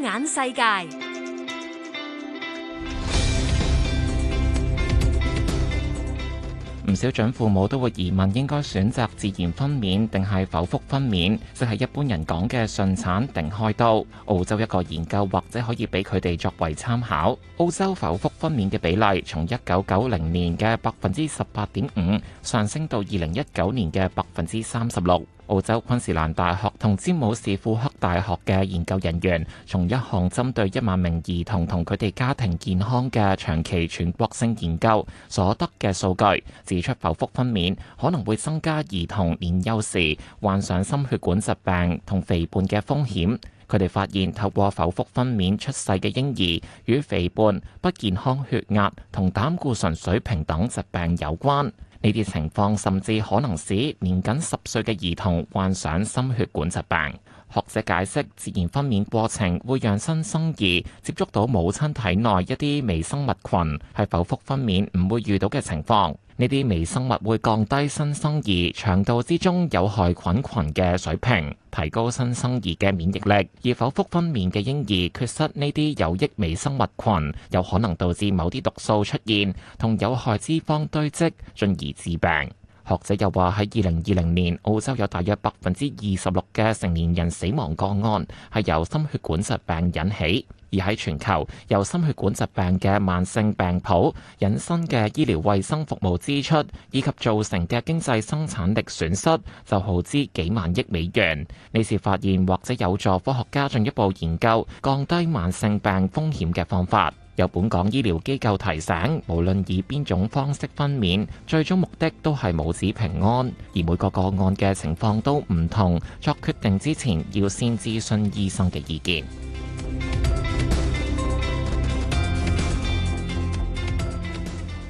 眼世界，唔少準父母都會疑問，應該選擇自然分娩定係剖腹分娩，即係一般人講嘅順產定開刀。澳洲一個研究或者可以俾佢哋作為參考。澳洲剖腹分娩嘅比例從一九九零年嘅百分之十八點五上升到二零一九年嘅百分之三十六。澳洲昆士蘭大學同詹姆士庫克大學嘅研究人員，從一項針對一萬名兒童同佢哋家庭健康嘅長期全國性研究所得嘅數據，指出剖腹分娩可能會增加兒童年幼時患上心血管疾病同肥胖嘅風險。佢哋發現透過剖腹分娩出世嘅嬰兒，與肥胖、不健康血壓同膽固醇水平等疾病有關。呢啲情況甚至可能使年僅十歲嘅兒童患上心血管疾病。學者解釋，自然分娩過程會讓新生兒接觸到母親體內一啲微生物群，係剖腹分娩唔會遇到嘅情況。呢啲微生物會降低新生兒腸道之中有害菌群嘅水平，提高新生兒嘅免疫力。而剖腹分娩嘅嬰兒缺失呢啲有益微生物群，有可能導致某啲毒素出現，同有害脂肪堆積，進而致病。學者又話喺二零二零年，澳洲有大約百分之二十六嘅成年人死亡個案係由心血管疾病引起，而喺全球，由心血管疾病嘅慢性病譜引申嘅醫療衛生服務支出以及造成嘅經濟生產力損失就耗資幾萬億美元。呢次發現或者有助科學家進一步研究降低慢性病風險嘅方法。有本港醫療機構提醒，無論以邊種方式分娩，最終目的都係母子平安，而每個個案嘅情況都唔同，作決定之前要先諮詢醫生嘅意見。.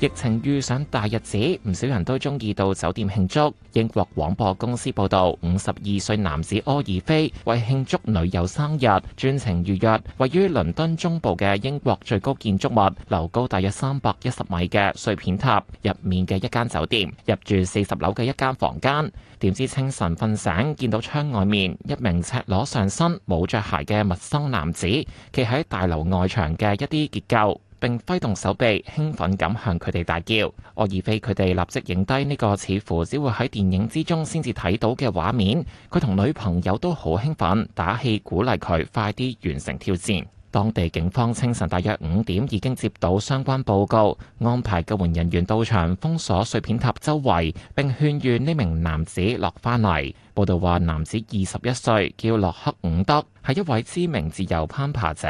疫情遇上大日子，唔少人都中意到酒店慶祝。英國廣播公司報道，五十二歲男子柯爾菲為慶祝女友生日，專程預約位於倫敦中部嘅英國最高建築物、樓高大約三百一十米嘅碎片塔入面嘅一間酒店，入住四十樓嘅一間房間。點知清晨瞓醒，見到窗外面一名赤裸上身、冇着鞋嘅陌生男子，企喺大樓外牆嘅一啲結構。並揮動手臂，興奮咁向佢哋大叫。我而非佢哋立即影低呢個似乎只會喺電影之中先至睇到嘅畫面。佢同女朋友都好興奮，打氣鼓勵佢快啲完成挑戰。當地警方清晨大約五點已經接到相關報告，安排救援人員到場封鎖碎片塔周圍，並勸喻呢名男子落返嚟。報道話，男子二十一歲，叫洛克伍德，係一位知名自由攀爬者。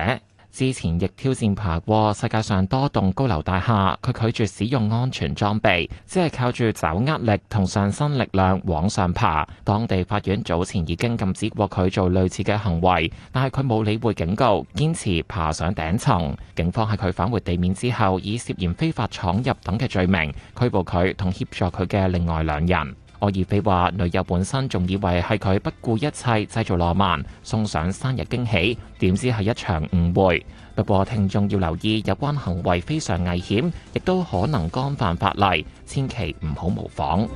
之前亦挑戰爬過世界上多棟高樓大廈，佢拒絕使用安全裝備，只係靠住抓握力同上身力量往上爬。當地法院早前已經禁止過佢做類似嘅行為，但係佢冇理會警告，堅持爬上頂層。警方喺佢返回地面之後，以涉嫌非法闖入等嘅罪名拘捕佢同協助佢嘅另外兩人。柯以飛話：女友本身仲以為係佢不顧一切製造浪漫，送上生日驚喜，點知係一場誤會。不過聽眾要留意，有關行為非常危險，亦都可能干犯法例，千祈唔好模仿。